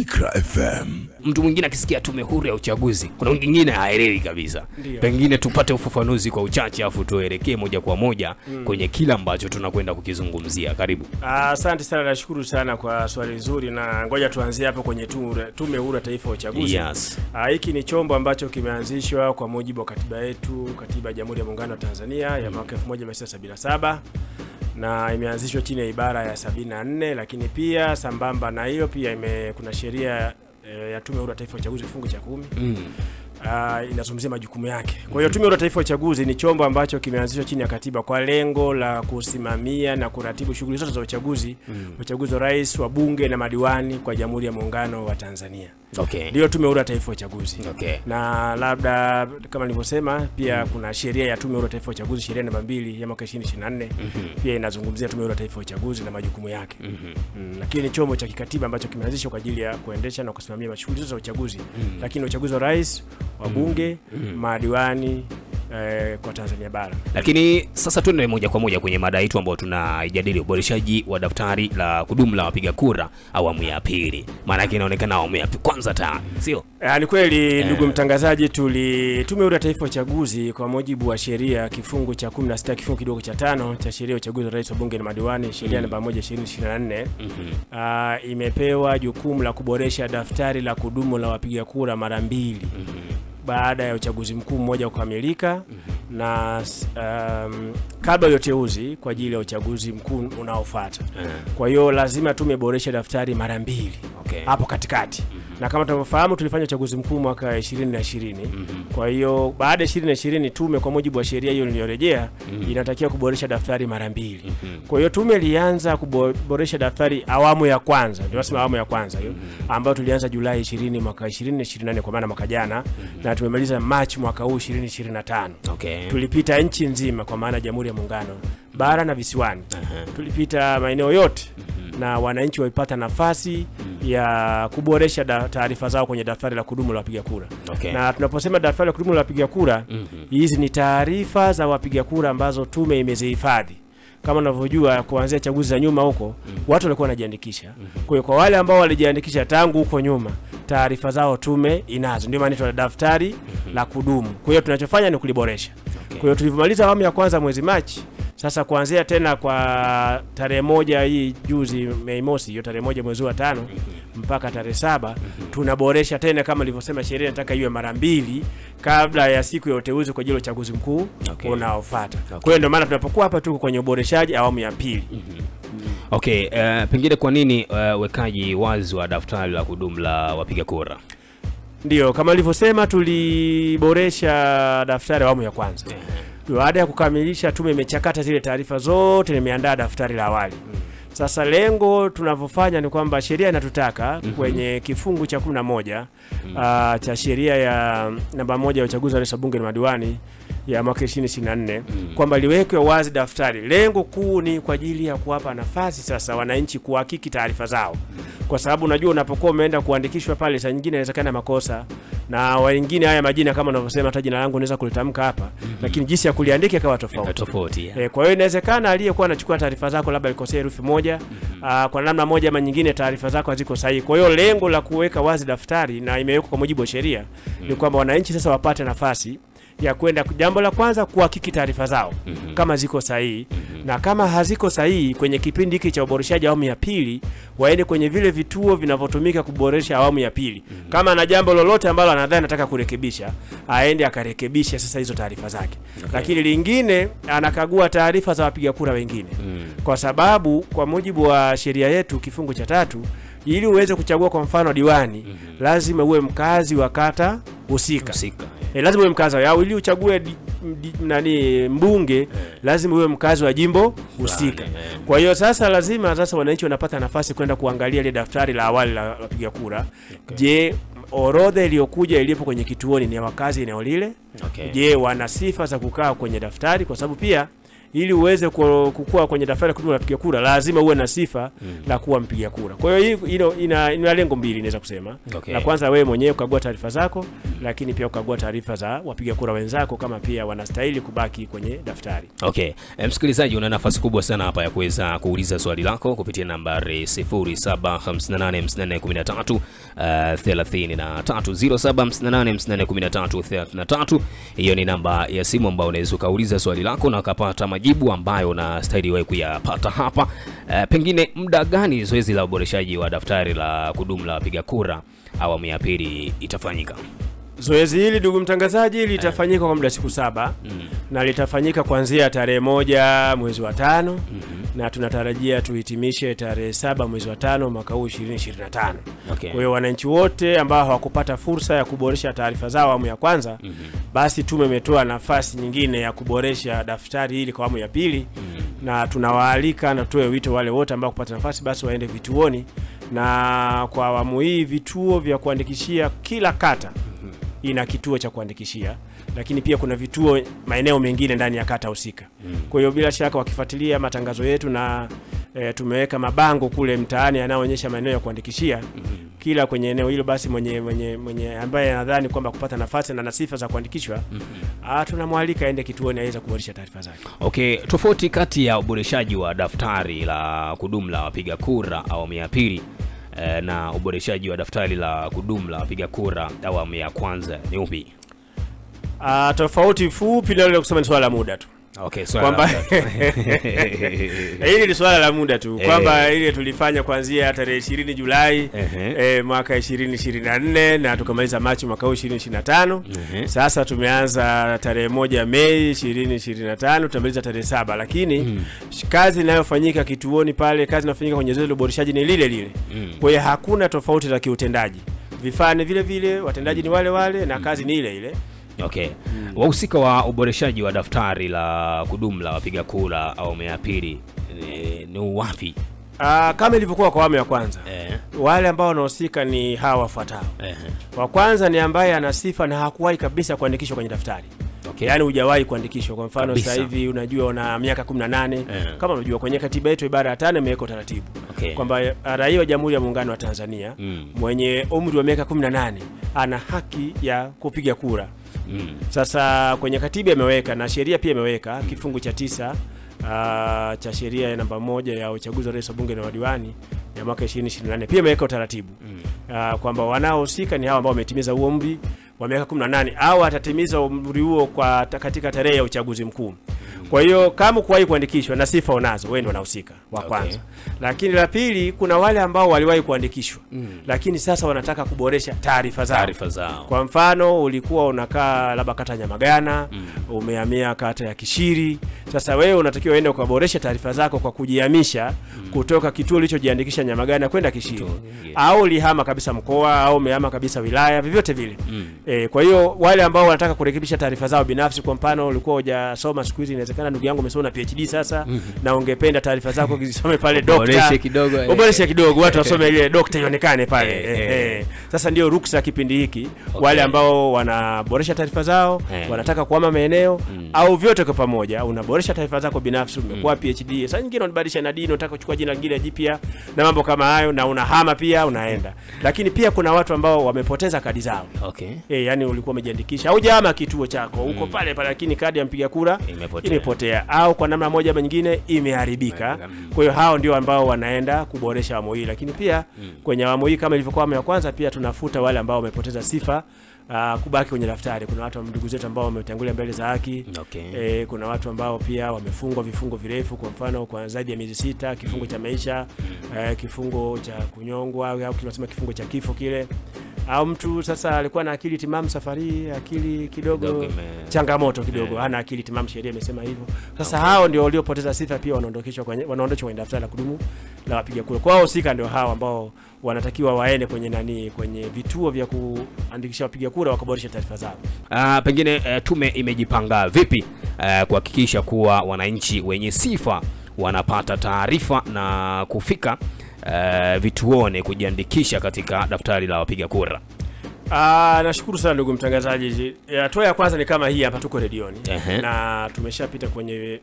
Ikra FM. Mtu mwingine akisikia tume huru ya uchaguzi, kuna mwingine haelewi kabisa. Ndiyo. Pengine tupate ufafanuzi kwa uchache, afu tuelekee moja kwa moja mm. kwenye kila ambacho tunakwenda kukizungumzia. Karibu. Asante sana, nashukuru sana kwa swali nzuri, na ngoja tuanzie hapo kwenye tume huru ya taifa ya uchaguzi. Yes. Ah, hiki ni chombo ambacho kimeanzishwa kwa mujibu wa katiba yetu, katiba ya Jamhuri ya Muungano wa Tanzania ya hmm. mwaka 1977 na imeanzishwa chini ya ibara ya 74, lakini pia sambamba na hiyo pia ime, kuna sheria e, ya Tume Huru ya Taifa ya Uchaguzi kifungu cha kumi mm uh, inazungumzia majukumu yake. Kwa hiyo Tume Huru ya Taifa ya Uchaguzi ni chombo ambacho kimeanzishwa chini ya katiba kwa lengo la kusimamia na kuratibu shughuli zote za uchaguzi mm. uchaguzi wa rais, wa bunge na madiwani kwa Jamhuri ya Muungano wa Tanzania. Okay. Ndio Tume Huru ya Taifa ya Uchaguzi. Okay. Na labda kama nilivyosema pia mm. kuna sheria ya Tume Huru ya Taifa ya Uchaguzi, sheria namba mbili ya mwaka 2024 mm -hmm. pia inazungumzia Tume Huru ya Taifa ya Uchaguzi na majukumu yake. Mm -hmm. mm, lakini ni chombo cha kikatiba ambacho kimeanzishwa kwa ajili ya kuendesha na kusimamia shughuli zote za uchaguzi mm. lakini uchaguzi wa rais wabunge mm. mm. madiwani eh, kwa Tanzania bara. Lakini sasa tuende moja kwa moja kwenye mada yetu ambayo tunaijadili, uboreshaji wa daftari la kudumu la wapiga kura awamu ya pili. Maana yake inaonekana awamu ya kwanza ta sio? Eh, ni kweli eh. ndugu mtangazaji, tuli Tume Huru ya Taifa Uchaguzi kwa mujibu wa sheria kifungu cha 16 kifungu kidogo cha tano cha sheria ya uchaguzi wa rais wa bunge na madiwani, sheria mm. namba 1/2024 mhm. ah, imepewa jukumu la kuboresha daftari la kudumu la wapiga kura mara mbili mm -hmm baada ya uchaguzi mkuu mmoja kukamilika mm -hmm. na um, kabla ya uteuzi kwa ajili ya uchaguzi mkuu unaofuata. Eh. Kwa hiyo lazima tumeboresha daftari mara mbili hapo okay. katikati mm na kama tunavyofahamu tulifanya uchaguzi mkuu mwaka 2020. Mm -hmm. Kwa hiyo baada ya 2020 tume kwa mujibu wa sheria hiyo niliyorejea mm -hmm. inatakiwa kuboresha daftari mara mbili. Mm -hmm. Kwa hiyo tume ilianza kuboresha daftari awamu ya kwanza, ndio nasema awamu ya kwanza hiyo mm -hmm. ambayo tulianza Julai 20 mwaka 2024 kwa maana mwaka jana mm -hmm. na tumemaliza Machi mwaka huu 2025. Okay. Tulipita nchi nzima kwa maana Jamhuri ya Muungano, bara na visiwani. Uh -huh. Tulipita maeneo yote. Mm -hmm na wananchi waipata nafasi ya kuboresha taarifa zao kwenye daftari la kudumu la wapiga kura. Okay. Na tunaposema daftari la kudumu la wapiga kura mhm. hizi, -hmm. ni taarifa za wapiga kura ambazo tume imezihifadhi kama unavyojua kuanzia chaguzi za nyuma huko mm. watu walikuwa wanajiandikisha mm. kwa hiyo kwa wale ambao walijiandikisha tangu huko nyuma taarifa zao tume inazo, ndio maana tuna daftari mm -hmm. la kudumu. Kwa hiyo tunachofanya ni kuliboresha. Okay. Kwa hiyo tulivyomaliza awamu ya kwanza mwezi Machi sasa kuanzia tena kwa tarehe moja hii juzi Mei Mosi, hiyo tarehe moja mwezi wa tano mpaka tarehe saba tunaboresha tena, kama ilivyosema sheria nataka iwe mara mbili kabla ya siku ya uteuzi kwa ajili ya uchaguzi mkuu okay, unaofuata. Okay. Kwa hiyo ndio maana tunapokuwa hapa tuko kwenye uboreshaji awamu ya pili. mm -hmm. Okay, uh, pengine kwa nini uh, eh, wekaji wazi wa daftari la kudumu la wapiga kura? Ndio, kama nilivyosema tuliboresha daftari awamu ya kwanza. yeah. Baada ya kukamilisha, tume imechakata zile taarifa zote, nimeandaa daftari la awali. Sasa lengo tunavyofanya ni kwamba sheria inatutaka mm -hmm. kwenye kifungu cha 11 mm -hmm. uh, cha sheria ya namba moja ya uchaguzi wa rais, bunge na madiwani ya mwaka 2024 mm. kwamba liwekwe wazi daftari. Lengo kuu ni kwa ajili ya kuwapa nafasi sasa wananchi kuhakiki taarifa zao, kwa sababu unajua unapokuwa umeenda kuandikishwa pale, saa nyingine inawezekana makosa na wengine haya majina kama unavyosema, hata jina langu naweza kulitamka hapa mm -hmm. lakini jinsi ya kuliandika ikawa tofauti tofauti yeah. E, kwa hiyo inawezekana aliyekuwa anachukua taarifa zako labda alikosea herufi moja mm -hmm. A, ah, kwa namna moja ama nyingine taarifa zako haziko sahihi. Kwa hiyo lengo la kuweka wazi daftari na imewekwa kwa mujibu wa sheria mm -hmm. ni kwamba wananchi sasa wapate nafasi ya kwenda, jambo la kwanza kuhakiki taarifa zao mm -hmm. kama ziko sahihi mm -hmm. na kama haziko sahihi, kwenye kipindi hiki cha uboreshaji awamu ya pili waende kwenye vile vituo vinavyotumika kuboresha awamu ya pili mm -hmm. kama ana jambo lolote ambalo anadhani anataka kurekebisha, aende akarekebisha sasa hizo taarifa zake okay. Lakini lingine anakagua taarifa za wapiga kura wengine mm -hmm. kwa sababu kwa mujibu wa sheria yetu kifungu cha tatu ili uweze kuchagua kwa mfano diwani mm -hmm. lazima uwe mkazi wa kata husika eh, lazima uwe mkazi wa ili uchague di, di, nani mbunge eh, lazima uwe mkazi wa jimbo husika. Eh. Kwa hiyo sasa lazima sasa wananchi wanapata nafasi kwenda kuangalia ile daftari la awali la wapiga kura okay. Je, orodha iliyokuja iliyopo kwenye kituoni ni wakazi eneo lile okay. Je, wana sifa za kukaa kwenye daftari? Kwa sababu pia ili uweze kukua kwenye daftari kudumu la mpiga kura lazima uwe na sifa mm. la kuwa mpiga kura. Kwa hiyo hii ina, ina, lengo mbili naweza kusema okay. La kwanza wewe mwenyewe ukagua taarifa zako, lakini pia ukagua taarifa za wapiga kura wenzako kama pia wanastahili kubaki kwenye daftari. Okay. Eh, msikilizaji, una nafasi kubwa sana hapa ya kuweza kuuliza swali lako kupitia nambari 0758541433 eh, Hiyo ni namba ya simu ambayo unaweza ukauliza swali lako na ukapata majibu ambayo unastahili wewe kuyapata hapa. E, pengine muda gani zoezi la uboreshaji wa daftari la kudumu la wapiga kura awamu ya pili itafanyika? Zoezi hili ndugu mtangazaji, eh. litafanyika kwa muda siku saba mm -hmm. na litafanyika kuanzia tarehe moja mwezi wa tano mm -hmm. na tunatarajia tuhitimishe tarehe saba mwezi wa tano mwaka huu 2025. Okay. Kwa hiyo wananchi wote ambao hawakupata fursa ya kuboresha taarifa zao awamu ya kwanza mm -hmm. basi tume imetoa nafasi nyingine ya kuboresha daftari hili kwa awamu ya pili mm -hmm. na tunawaalika na tutoe wito wale wote ambao kupata nafasi basi waende vituoni, na kwa awamu hii vituo vya kuandikishia kila kata ina kituo cha kuandikishia, lakini pia kuna vituo maeneo mengine ndani ya kata husika. Mm. Kwa hiyo bila shaka wakifuatilia matangazo yetu na e, tumeweka mabango kule mtaani yanayoonyesha maeneo ya kuandikishia mm-hmm. kila kwenye eneo hilo, basi mwenye, mwenye, mwenye ambaye anadhani kwamba kupata nafasi na sifa za kuandikishwa mm -hmm. tunamwalika aende kituoni aweze kuboresha taarifa zake. Okay, tofauti kati ya uboreshaji wa daftari la kudumu la wapiga kura awamu ya pili Eh, na uboreshaji wa daftari la kudumu la wapiga kura awamu ya kwanza ni upi? Uh, tofauti fupi leo kusema ni swala la muda tu Okay, hili ni swala la muda tu eh. kwamba eh, ile tulifanya kuanzia tarehe ishirini Julai -huh. Eh, e, mwaka ishirini na tukamaliza Machi mwaka huu 2025. Eh, sasa tumeanza tarehe moja Mei tano tutamaliza tarehe saba, lakini mm, kazi inayofanyika kituoni pale, kazi inayofanyika kwenye zoezi la uboreshaji ni lile lile. Mm, kwa hiyo hakuna tofauti za kiutendaji, vifaa ni vile vile, watendaji ni wale wale na kazi ni ile ile. Mm. Okay. Mm. Wahusika wa uboreshaji wa daftari la kudumu la wapiga kura awamu ya pili ni, ni wapi? Uh, kama ilivyokuwa kwa awamu ya kwanza eh, wale ambao wanahusika ni hawa wafuatao eh. Wa kwanza ni ambaye ana sifa na hakuwahi kabisa kuandikishwa kwenye daftari okay. Yaani hujawahi kuandikishwa. Kwa mfano sasa hivi unajua una miaka 18 eh. Kama unajua kwenye katiba yetu ibara ya tano imeweka utaratibu okay, kwamba ah, raia wa Jamhuri ya Muungano wa Tanzania mm, mwenye umri wa miaka 18 ana haki ya kupiga kura Mm. Sasa kwenye katiba imeweka na sheria pia imeweka kifungu cha tisa uh, cha sheria ya namba moja ya uchaguzi wa rais wa bunge na wadiwani ya mwaka 2024 pia imeweka utaratibu mm. uh, kwamba wanaohusika ni hao ambao wametimiza huo umri wa miaka 18 au atatimiza umri huo kwa katika tarehe ya uchaguzi mkuu. Kwa hiyo kama kuwahi kuandikishwa na sifa unazo, wewe ndio unahusika wa kwanza. Okay. Lakini la pili, kuna wale ambao waliwahi kuandikishwa mm. lakini sasa wanataka kuboresha taarifa zao. Taarifa zao. Kwa mfano ulikuwa unakaa labda kata Nyamagana mm. umehamia kata ya Kishiri, sasa wewe unatakiwa uende ukaboresha taarifa zako kwa kujihamisha mm. kutoka kituo ulichojiandikisha Nyamagana kwenda Kishiri yeah. au lihama kabisa mkoa au umehama kabisa wilaya, vyovyote vile mm. E, kwa hiyo wale ambao wanataka kurekebisha taarifa zao binafsi, kwa mfano ulikuwa hujasoma, siku hizi inawezekana inawezekana ndugu yangu umesoma na PhD sasa mm -hmm. na ungependa taarifa zako kizisome pale dokta kidogo, eh. uboreshe kidogo, watu wasome ile dokta ionekane pale eh. eh. eh sasa ndio ruksa kipindi hiki okay. Wale ambao wanaboresha taarifa zao eh. wanataka kuhama maeneo mm. au vyote kwa pamoja, unaboresha taarifa zako binafsi, mm. umekuwa mm. PhD, sasa nyingine unabadilisha na dini, unataka kuchukua jina lingine jipya na mambo kama hayo, na unahama pia unaenda, lakini pia kuna watu ambao wamepoteza kadi zao okay. Eh, yani ulikuwa umejiandikisha au jama kituo chako huko mm. pale pale, lakini kadi ya mpiga kura imepotea imepotea au kwa namna moja ama nyingine imeharibika. Mm. Kwa hiyo hao ndio ambao wanaenda kuboresha awamu hii, lakini pia mm. kwenye awamu hii kama ilivyokuwa awamu ya kwanza, pia tunafuta wale ambao wamepoteza sifa Uh, kubaki kwenye daftari. Kuna watu ndugu zetu ambao wametangulia mbele za haki okay. E, kuna watu ambao pia wamefungwa vifungo virefu, kwa mfano kwa zaidi ya miezi sita, kifungo cha mm. maisha, E, kifungo cha kunyongwa au tunasema kifungo cha kifo kile au mtu sasa alikuwa na akili timamu safari, akili kidogo changamoto kidogo, eh. ana akili timamu, sheria imesema hivyo. Sasa okay. hao ndio waliopoteza sifa pia wanaondokeshwa kwenye wanaondoshwa kwenye daftari la kudumu la wapiga kura. Kwa sika ndio hao ambao wanatakiwa waende kwenye nani, kwenye vituo vya kuandikisha wapiga kura wakaboresha taarifa zao. Ah, pengine uh, tume imejipanga vipi uh, kuhakikisha kuwa wananchi wenye sifa wanapata taarifa na kufika uh, vituone kujiandikisha katika daftari la wapiga kura. Ah, nashukuru sana ndugu mtangazaji. Hatua ya kwanza ni kama hii hapa, tuko redioni uh -huh. na tumeshapita kwenye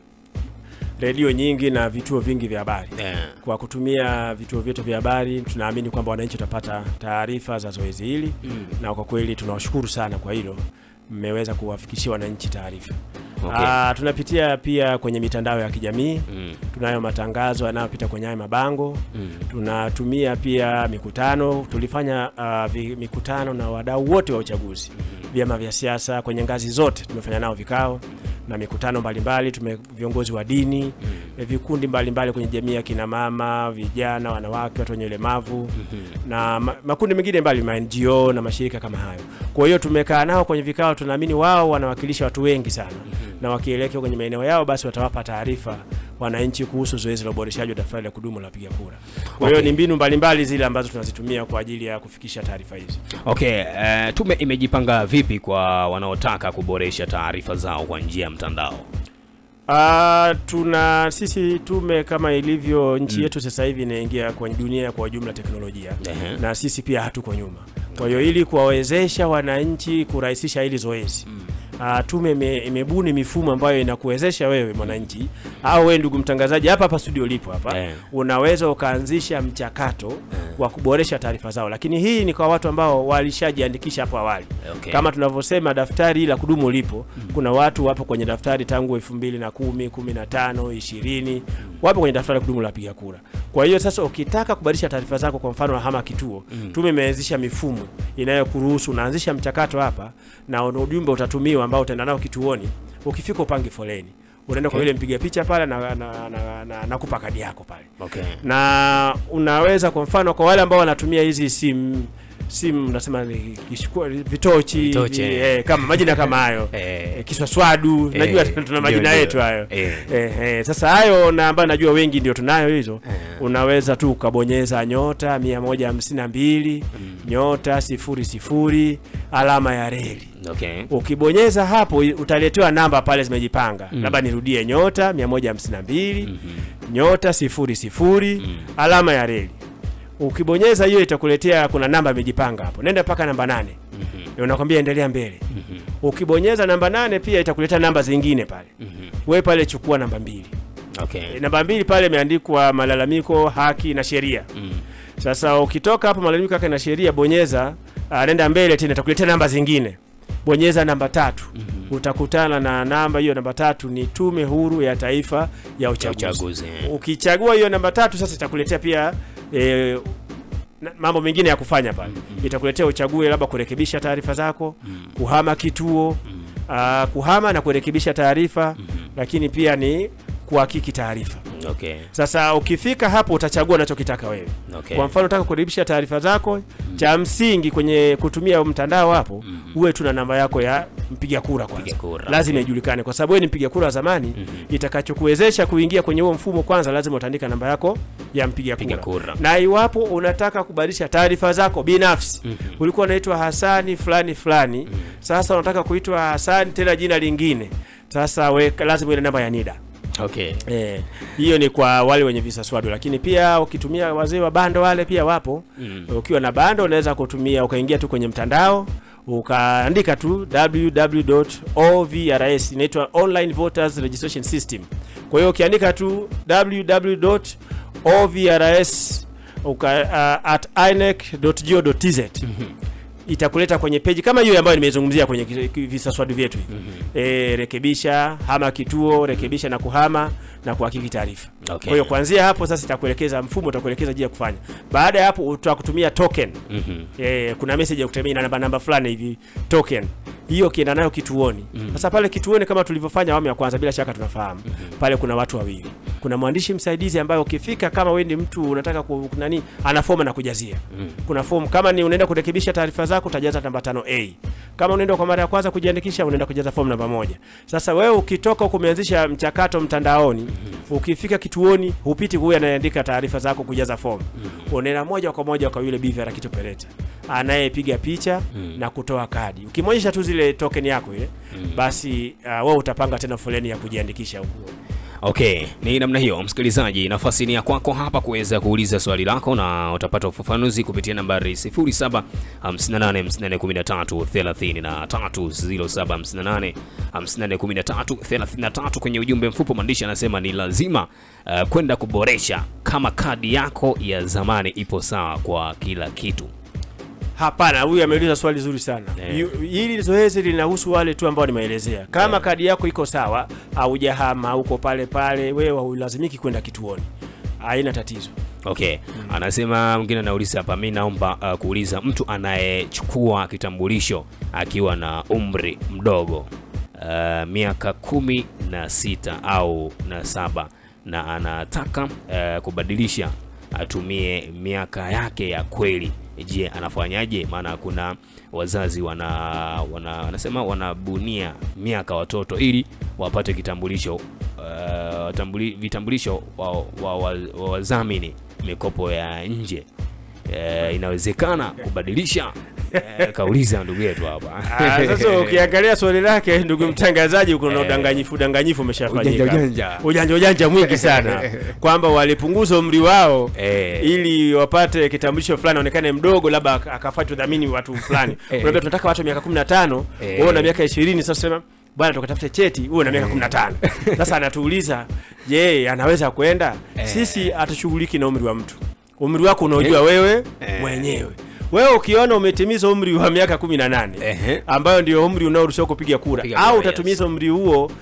redio nyingi na vituo vingi vya habari yeah. Kwa kutumia vituo vyetu vya habari tunaamini kwamba wananchi watapata taarifa za zoezi hili mm. na kwa kweli tunawashukuru sana kwa hilo mmeweza kuwafikishia wananchi taarifa. Okay. Uh, tunapitia pia kwenye mitandao ya kijamii mm. Tunayo matangazo yanayopita kwenye haya mabango mm. Tunatumia pia mikutano, tulifanya uh, vi, mikutano na wadau wote wa uchaguzi mm. Vyama vya siasa kwenye ngazi zote tumefanya nao vikao mm na mikutano mbalimbali tume viongozi wa dini mm. vikundi mbalimbali kwenye jamii ya kina mama, vijana, wanawake, watu wenye ulemavu mm -hmm. na makundi mengine mbali ma NGO na mashirika kama hayo. Kwa hiyo tumekaa nao kwenye vikao, tunaamini wao wanawakilisha watu wengi sana mm -hmm. na wakielekea kwenye maeneo yao, basi watawapa taarifa wananchi kuhusu zoezi la uboreshaji wa daftari la kudumu la wapiga kura. Kwa hiyo okay, ni mbinu mbalimbali zile ambazo tunazitumia kwa ajili ya kufikisha taarifa hizi. Okay, uh, tume imejipanga vipi kwa wanaotaka kuboresha taarifa zao kwa njia ya mtandao? Uh, tuna sisi tume kama ilivyo nchi mm, yetu sasa hivi inaingia kwenye dunia kwa jumla teknolojia uh-huh, na sisi pia hatuko nyuma. Kwa hiyo ili kuwawezesha wananchi kurahisisha hili zoezi mm uh, tume imebuni mifumo ambayo inakuwezesha wewe mwananchi au wewe ndugu mtangazaji hapa hapa studio lipo hapa yeah. Unaweza ukaanzisha mchakato yeah. wa kuboresha taarifa zao, lakini hii ni kwa watu ambao walishajiandikisha hapo awali okay. Kama tunavyosema daftari la kudumu lipo mm. Kuna watu wapo kwenye daftari tangu 2010, 15, 20 wapo kwenye daftari la kudumu la piga kura. Kwa hiyo sasa ukitaka kubadilisha taarifa zako, kwa mfano hama kituo mm. tume imeanzisha mifumo inayokuruhusu unaanzisha mchakato hapa na ujumbe utatumiwa ambao utaenda nao kituoni, ukifika upange foleni unaenda okay. kwa yule mpiga picha pale na na, na, na, na kupa kadi yako pale okay. na unaweza kwa mfano kwa wale ambao wanatumia hizi simu simu nasema kishukua vitochi, vi, eh. eh, kama majina kama hayo eh. eh, kiswaswadu eh, najua tuna majina yetu hayo eh. eh, eh, sasa hayo na ambayo najua wengi ndio tunayo hizo eh. Unaweza tu ukabonyeza nyota 152 mm. nyota sifuri alama ya reli okay. Ukibonyeza hapo utaletewa namba pale zimejipanga mm. Labda nirudie nyota 152 mm -hmm. nyota sifuri mm. alama ya reli ukibonyeza hiyo itakuletea kuna namba imejipanga hapo, nenda mpaka namba nane mm -hmm. unakwambia endelea mbele mm -hmm. ukibonyeza namba nane pia itakuletea namba zingine pale mm -hmm. we pale chukua namba mbili okay. E, namba mbili pale imeandikwa malalamiko, haki na sheria mm -hmm. Sasa ukitoka hapo malalamiko, haki na sheria, bonyeza nenda mbele tena, itakuletea namba zingine bonyeza namba tatu mm -hmm. utakutana na namba hiyo. Namba tatu ni Tume Huru ya Taifa ya Uchaguzi. Ukichagua hiyo namba tatu, sasa itakuletea pia e, mambo mengine ya kufanya pale mm -hmm. Itakuletea uchague labda kurekebisha taarifa zako mm -hmm. kuhama kituo mm -hmm. uh, kuhama na kurekebisha taarifa mm -hmm. lakini pia ni kuhakiki taarifa okay. Sasa ukifika hapo utachagua unachokitaka wewe okay. Kwa mfano unataka kurekebisha taarifa zako mm -hmm. cha msingi kwenye kutumia mtandao hapo mm -hmm. uwe tuna namba yako ya mpiga kura kwanza, lazima okay. ijulikane kwa sababu wewe ni mpiga kura wa zamani mm -hmm. Itakachokuwezesha kuingia kwenye huo mfumo kwanza, lazima utaandika namba yako ya mpiga kura. Kura na iwapo unataka kubadilisha taarifa zako binafsi mm -hmm. ulikuwa unaitwa Hasani fulani fulani mm -hmm. sasa unataka kuitwa Hasani tena jina lingine, sasa we, lazima ile namba ya NIDA Okay. Eh, hiyo ni kwa wale wenye visa swadu, lakini pia ukitumia wazee wa bando wale pia wapo mm. Ukiwa na bando unaweza kutumia ukaingia tu kwenye mtandao ukaandika tu www.ovrs, inaitwa online voters registration system. Kwa hiyo ukiandika tu www ovrs uka, uh, at inec.go.tz mm-hmm. Itakuleta kwenye peji kama hiyo ambayo nimezungumzia kwenye visaswadi vyetu mm-hmm. E, rekebisha hama kituo, rekebisha na kuhama na kuhakiki taarifa okay. Kwa hiyo kuanzia hapo sasa itakuelekeza mfumo utakuelekeza jinsi ya kufanya. Baada ya hapo utakutumia token mm-hmm. E, kuna message ya kutumia na namba namba fulani hivi token hiyo kienda nayo kituoni mm-hmm. sasa mm-hmm. Pale kituoni kama tulivyofanya awamu ya kwanza, bila shaka tunafahamu mm-hmm. Pale kuna watu wawili mm-hmm kuna mwandishi msaidizi ambaye ukifika, kama wewe ni mtu unataka ku nani, ana fomu na kujazia mm. kuna fomu kama ni unaenda kurekebisha taarifa zako utajaza namba 5A. Kama unaenda kwa mara ya kwanza kujiandikisha, unaenda kujaza fomu namba moja. Sasa wewe ukitoka kumeanzisha mchakato mtandaoni mm. ukifika kituoni hupiti huyu anayeandika taarifa zako kujaza fomu mm. unaenda moja kwa moja kwa yule bivera kitopeleta anayepiga picha mm. na kutoa kadi. Ukimwonyesha tu zile token yako ile eh, mm. basi uh, wewe utapanga tena foleni ya kujiandikisha huko. Okay, ni namna hiyo msikilizaji, nafasi ni ya kwako hapa kuweza kuuliza swali lako na utapata ufafanuzi kupitia nambari 0758541333 kwenye ujumbe mfupi mwandishi anasema ni lazima uh, kwenda kuboresha kama kadi yako ya zamani ipo sawa kwa kila kitu. Hapana, huyu ameuliza swali zuri sana. Eh. Hili zoezi linahusu wale tu ambao nimeelezea. Kama eh. kadi yako iko sawa, haujahama uko pale pale, wewe waulazimiki kwenda kituoni, haina tatizo. Okay. Hmm. Anasema mwingine anauliza hapa, mimi naomba uh, kuuliza mtu anayechukua kitambulisho akiwa na umri mdogo uh, miaka kumi na sita au na saba na anataka uh, kubadilisha atumie miaka yake ya kweli Eh, je, anafanyaje? Maana kuna wazazi wana, wana, wanasema wanabunia miaka watoto ili wapate kitambulisho uh, watambuli, vitambulisho wa, wa, wa, wa wazamini mikopo ya nje. Uh, inawezekana kubadilisha Eh, kauliza ndugu yetu hapa ah, sasa. Ukiangalia swali lake ndugu mtangazaji, kuna eh. udanganyifu udanganyifu umeshafanyika, ujanja ujanja, ujanja mwingi sana kwamba walipunguza umri wao eh. ili wapate kitambulisho fulani, aonekane mdogo, labda akafuatwa dhamini watu fulani. Unaambia tunataka watu miaka 15, wao na miaka 20, sasa sema bwana tukatafute cheti uwe na miaka 15. Sasa anatuuliza je, anaweza kwenda? Sisi atushughuliki na umri wa mtu, umri wako unaojua wewe mwenyewe wewe ukiona umetimiza umri wa miaka 18 ambayo ndio umri unaoruhusiwa kupiga kura Piga au utatumiza umri huo uh,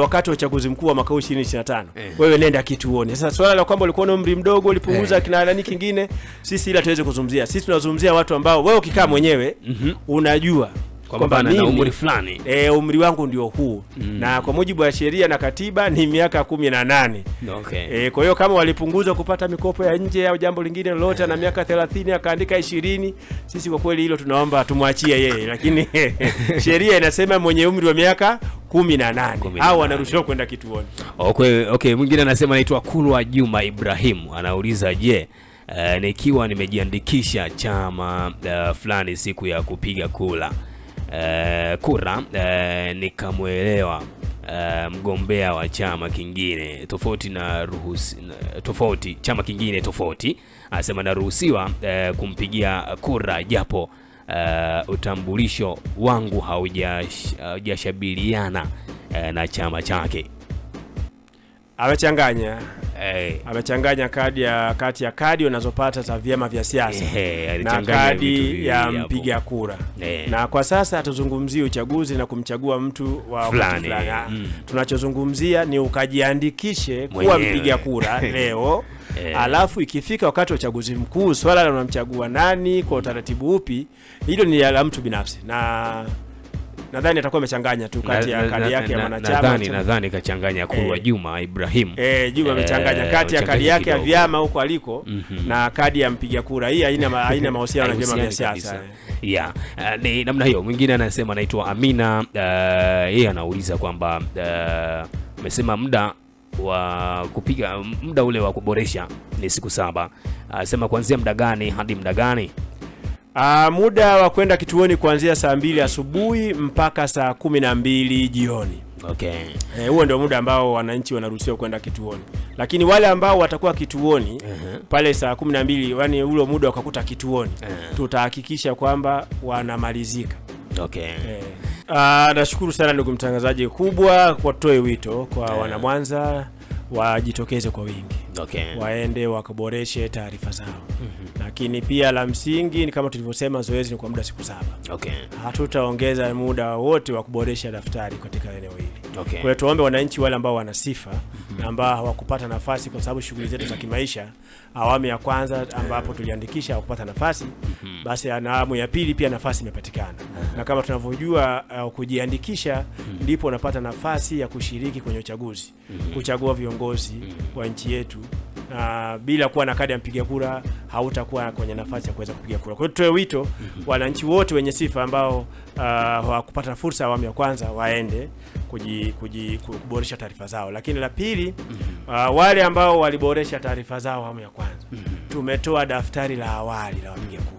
wakati wa uchaguzi mkuu wa mwaka 2025 eh. wewe nenda kituone. Sasa swala la kwamba ulikuwa na umri mdogo ulipunguza eh. kina nani kingine, sisi ila tuweze kuzungumzia. Sisi tunazungumzia watu ambao wewe ukikaa mwenyewe mm -hmm. unajua kwamba na umri fulani e, umri wangu ndio huu mm. na kwa mujibu wa sheria na katiba ni miaka kumi na nane. Okay. E, kwa hiyo kama walipunguza kupata mikopo ya nje au jambo lingine lolote na miaka 30 akaandika ishirini, sisi kwa kweli hilo tunaomba tumwachie yeye, lakini sheria inasema mwenye umri wa miaka kumi na nane au anaruhusiwa kwenda kituoni. Okay, okay. Mwingine anasema anaitwa Kulwa Juma Ibrahimu anauliza je, Uh, nikiwa nimejiandikisha chama uh, fulani siku ya kupiga kula eh, kura eh, nikamwelewa eh, mgombea wa chama kingine tofauti na ruhusi, tofauti chama kingine tofauti, anasema naruhusiwa eh, kumpigia kura japo Uh, utambulisho wangu haujashabiliana uh, eh, na chama chake amechanganya hey. amechanganya kadi ya kati ya kadi unazopata za vyama vya siasa hey, na kadi ya mpiga kura hey. na kwa sasa hatuzungumzii uchaguzi na kumchagua mtu wa fulani, Hmm. tunachozungumzia ni ukajiandikishe kuwa mpiga kura leo hey. Alafu ikifika wakati wa uchaguzi mkuu, swala la unamchagua nani kwa utaratibu upi, hilo ni la mtu binafsi na nadhani atakuwa amechanganya tu kati ya kadi yake ya mwanachama. Nadhani nadhani kachanganya Kulwa eh. Juma Ibrahim. Eh, Juma amechanganya eh, kati ya kadi yake ya vyama huko aliko mhm. na kadi ya mpiga kura. Hii haina haina mahusiano na vyama vya siasa. ya eh, Ni namna hiyo. Mwingine anasema anaitwa Amina, yeye anauliza kwamba amesema muda wa kupiga muda ule wa kuboresha ni siku saba. Anasema kuanzia muda gani hadi muda gani? Aa, ah, muda wa kwenda kituoni kuanzia saa mbili asubuhi mpaka saa kumi na mbili jioni. Okay. Eh, huo e, ndio muda ambao wananchi wanaruhusiwa kwenda kituoni, lakini wale ambao watakuwa kituoni uh -huh. pale saa kumi na mbili yani ule muda wakakuta kituoni uh eh. -huh. tutahakikisha kwamba wanamalizika. Okay. E. nashukuru sana ndugu mtangazaji, kubwa kwa toe wito kwa uh-huh. wanamwanza wajitokeze kwa wingi okay. waende wakaboreshe taarifa zao mm -hmm. Lakini pia la msingi ni kama tulivyosema, zoezi ni kwa muda siku saba okay. Hatutaongeza muda wote wa kuboresha daftari katika eneo hili okay. kwaio tuombe wananchi wale ambao wana sifa mm -hmm. ambao hawakupata nafasi kwa sababu shughuli zetu za kimaisha, awamu ya kwanza ambapo tuliandikisha hawakupata nafasi mm -hmm. Basi na awamu ya pili pia nafasi imepatikana mm -hmm. Na kama tunavyojua uh, kujiandikisha mhm. ndipo mm -hmm. unapata nafasi ya kushiriki kwenye uchaguzi mm -hmm. kuchagua viongozi mm -hmm. wa nchi yetu uh, bila kuwa na kadi ya mpiga kura hautakuwa kwenye nafasi ya kuweza kupiga kura. Kwa hiyo tutoe wito mhm. wananchi wote wenye sifa ambao uh, hawakupata fursa awamu ya kwanza waende kuji, kuji, kuboresha taarifa zao. Lakini la pili, uh, wale ambao waliboresha taarifa zao awamu ya kwanza, mhm. tumetoa daftari la awali la wapiga kura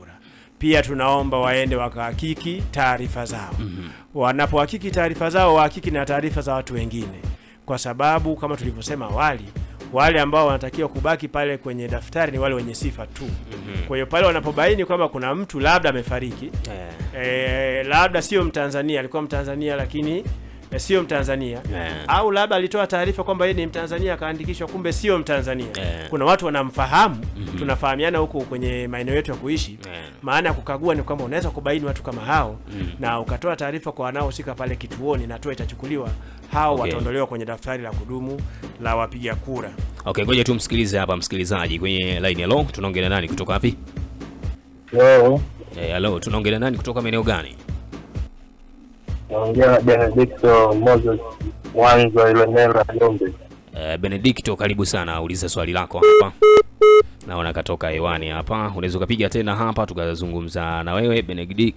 pia tunaomba waende wakahakiki taarifa zao. mm -hmm. Wanapohakiki taarifa zao wahakiki na taarifa za watu wengine, kwa sababu kama tulivyosema awali wale ambao wanatakiwa kubaki pale kwenye daftari ni wale wenye sifa tu. mm -hmm. Kwa hiyo pale wanapobaini kwamba kuna mtu labda amefariki, yeah. e, eh, labda sio Mtanzania, alikuwa Mtanzania lakini e, sio Mtanzania yeah. au labda alitoa taarifa kwamba yeye ni Mtanzania akaandikishwa, kumbe sio Mtanzania yeah. Kuna watu wanamfahamu, mm -hmm. tunafahamiana huko kwenye maeneo yetu ya kuishi yeah. Maana ya kukagua ni kwamba unaweza kubaini watu kama hao mm -hmm. na ukatoa taarifa kwa wanaohusika pale kituoni, na hatua itachukuliwa hao okay, wataondolewa kwenye daftari la kudumu la wapiga kura. Okay, ngoja tumsikilize hapa msikilizaji kwenye line. Hello, tunaongelea nani kutoka wapi? Hello. Hey, eh, hello, tunaongelea nani kutoka maeneo gani? Naongea Benedicto Moses Mwanza Ilemela Njombe. Uh, karibu sana, uliza swali lako hapa naona katoka hewani hapa. Unaweza ukapiga tena hapa tukazungumza na wewe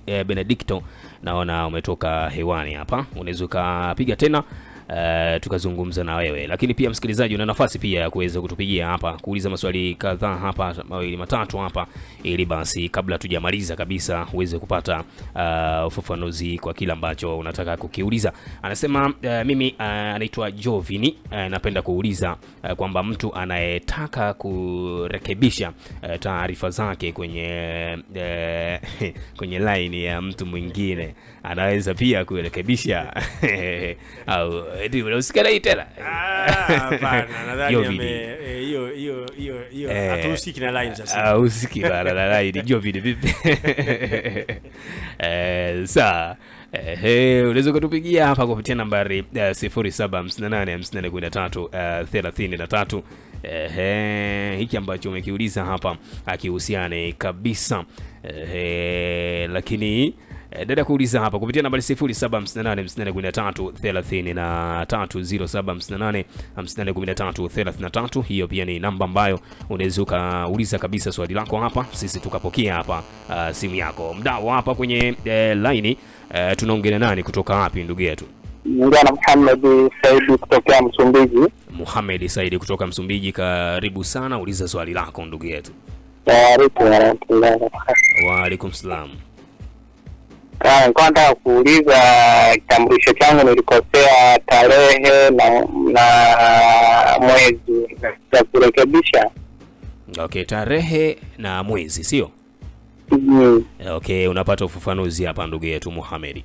eh, Benedicto, naona umetoka hewani hapa. Unaweza ukapiga tena Uh, tukazungumza na wewe lakini pia msikilizaji, una nafasi pia ya kuweza kutupigia hapa kuuliza maswali kadhaa hapa mawili matatu hapa, ili basi kabla tujamaliza kabisa uweze kupata uh, ufafanuzi kwa kila ambacho unataka kukiuliza. Anasema uh, mimi uh, anaitwa Jovini uh, napenda kuuliza Eh, kwamba mtu anayetaka kurekebisha eh, taarifa zake kwenye eh, kwenye line ya mtu mwingine anaweza pia kurekebisha au usikana hii tena ah, hiyo bana na line hiyo vipi? saa Eh, eh, unaweza ukatupigia hapa kupitia nambari uh, uh, eh, hiki ambacho umekiuliza hapa akihusiane kabisa eh, lakini dada kuuliza hapa kupitia nambari 0758541333 Hiyo pia ni namba ambayo unaweza ukauliza kabisa swali lako hapa, sisi tukapokea hapa uh, simu yako. mdao hapa kwenye uh, laini Uh, tunaongelea nani kutoka wapi ndugu yetu? ndiana Muhammad Saidi kutoka Msumbiji. Muhammad Saidi kutoka Msumbiji, karibu sana, uliza swali lako ndugu yetu. Wa alaikum salam. Ah, nilikuwa kuuliza kitambulisho changu nilikosea tarehe na, na mwezi za kurekebisha. Okay, tarehe na mwezi sio? mm Okay, unapata ufafanuzi hapa ndugu yetu Muhammad.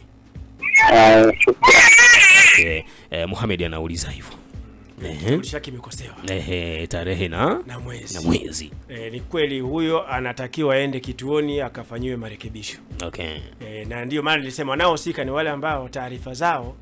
Uh, eh, okay. Eh, Muhammad anauliza hivyo tarehe na na mwezi, na mwezi. E, ni kweli huyo anatakiwa aende kituoni akafanyiwe marekebisho okay. E, na ndio maana nilisema wanaohusika ni wale ambao taarifa zao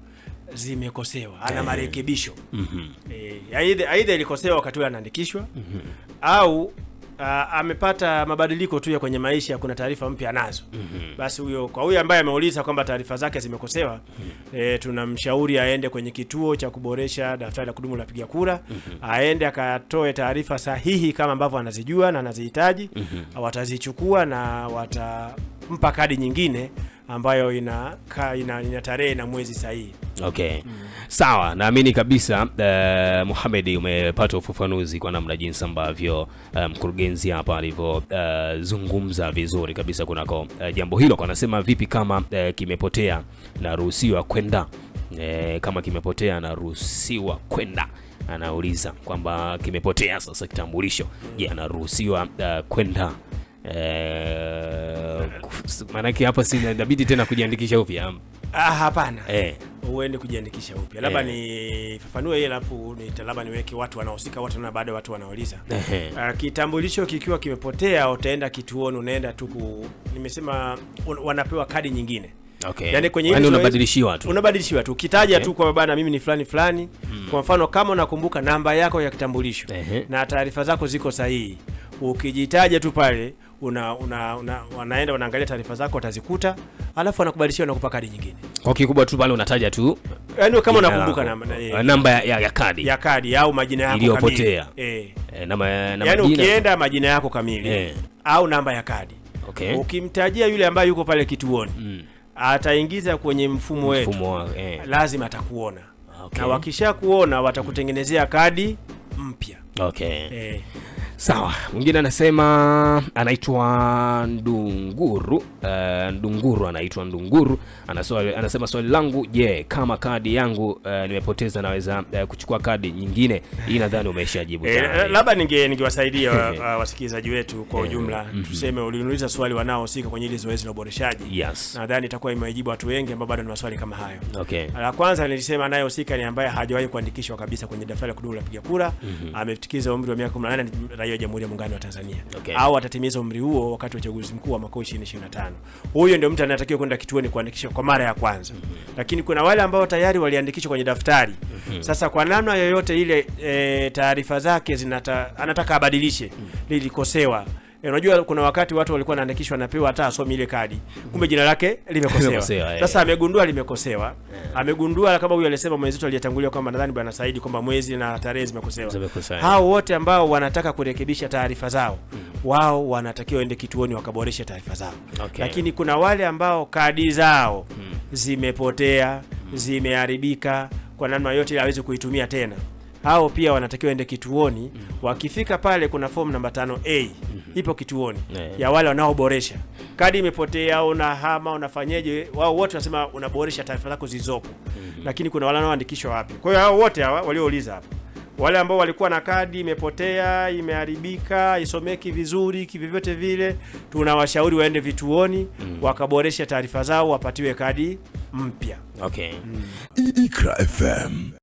zimekosewa, ana marekebisho mm eh, aidha ilikosewa wakati anaandikishwa mm -hmm. au uh, amepata mabadiliko tu ya kwenye maisha, kuna taarifa mpya nazo mm -hmm. Basi huyo kwa huyo ambaye ameuliza kwamba taarifa zake zimekosewa mm -hmm. E, tunamshauri aende kwenye kituo cha kuboresha daftari la kudumu la piga kura mm -hmm. aende akatoe taarifa sahihi kama ambavyo anazijua na anazihitaji mm -hmm. Watazichukua na watampa kadi nyingine ambayo ina, ina, ina tarehe na mwezi sahihi. Okay. Mm. Sawa, naamini kabisa uh, Mohamed umepata ufafanuzi kwa namna jinsi ambavyo eh, mkurugenzi um, hapa alivyozungumza eh, uh, vizuri kabisa kunako uh, jambo hilo. Anasema vipi kama uh, kimepotea na ruhusiwa kwenda uh, kama kimepotea na ruhusiwa kwenda anauliza kwamba kimepotea sasa kitambulisho, je, yeah, anaruhusiwa uh, kwenda Eh, maanake hapa si inabidi tena kujiandikisha upya. Ah, hapana. Eh. Uende kujiandikisha upya. Labda eh, nifafanue ile alafu labda niweke watu wanahusika wote na baada watu wanauliza. Eh. Uh, kitambulisho kikiwa kimepotea utaenda kituoni unaenda tu nimesema un, wanapewa kadi nyingine. Okay. Yaani kwenye yaani hili unabadilishiwa tu. Unabadilishiwa tu. Ukitaja okay, tu kwa bana mimi ni fulani fulani. hmm. Kwa mfano kama unakumbuka namba yako ya kitambulisho eh, na taarifa zako ziko sahihi. Ukijitaja tu pale una, una, una, wanaenda wanaangalia taarifa zako watazikuta, alafu wanakubadilishia wanakupa kadi nyingine. Kwa kikubwa tu pale unataja tu yani kama unakumbuka namba na, namba ya, ya, ya kadi ya kadi au majina yako iliyopotea eh, e, namba, namba yaani ukienda majina yako kamili e. au namba ya kadi okay. Ukimtajia yule ambaye yuko pale kituoni mm. ataingiza kwenye mfumo wetu mfumo, eh. lazima atakuona okay. na wakishakuona watakutengenezea kadi mpya okay. eh. Sawa, mwingine anasema anaitwa Ndunguru. Uh, Ndunguru anaitwa Ndunguru Anasole, anasema swali langu je, yeah, kama kadi yangu uh, nimepoteza naweza uh, kuchukua kadi nyingine? Hii nadhani umeshajibu e, labda ninge ningewasaidia wa, wasikilizaji wetu kwa ujumla mm -hmm. Tuseme uliniuliza swali wanaohusika kwenye hili zoezi la uboreshaji yes. Nadhani itakuwa imewajibu watu wengi ambao bado ni maswali kama hayo okay. La kwanza nilisema anayehusika ni ambaye hajawahi kuandikishwa kabisa kwenye daftari la kudumu la piga kura mm -hmm. Ametikiza umri wa miaka 18 raia wa Jamhuri ya Muungano wa Tanzania okay. au atatimiza umri huo wakati wa uchaguzi mkuu wa mwaka 2025. Huyo ndio mtu anatakiwa kwenda kituoni kuandikishwa kwa mara ya kwanza mm -hmm. Lakini kuna wale ambao tayari waliandikishwa kwenye daftari mm -hmm. Sasa kwa namna yoyote ile e, taarifa zake zinata, anataka abadilishe mm -hmm. lilikosewa E, unajua kuna wakati watu walikuwa wanaandikishwa napewa hata asomi ile kadi, kumbe jina lake limekosewa. Eh. Sasa amegundua limekosewa, amegundua kama huyu alisema mwezi mwenzetu aliyetangulia kwamba nadhani Bwana Saidi kwamba mwezi na tarehe zimekosewa. Eh. Hao wote ambao wanataka kurekebisha taarifa zao wao wanatakiwa waende kituoni wakaboreshe taarifa zao, okay. Lakini kuna wale ambao kadi zao hmm. zimepotea hmm. zimeharibika kwa namna yote ile hawezi kuitumia tena hao pia wanatakiwa waende kituoni. Hmm. Wakifika pale kuna fomu namba 5A ipo kituoni yeah. ya wale wanaoboresha. Kadi imepotea, unahama, unafanyeje, wao wote wanasema unaboresha taarifa zako zilizopo mm -hmm. lakini kuna wale wanaoandikishwa wapi? Kwa hiyo hao wote hawa waliouliza hapa wale ambao walikuwa na kadi imepotea, imeharibika, isomeki vizuri kivyovyote vile, tunawashauri waende vituoni mm. wakaboresha taarifa zao, wapatiwe kadi mpya okay. mm.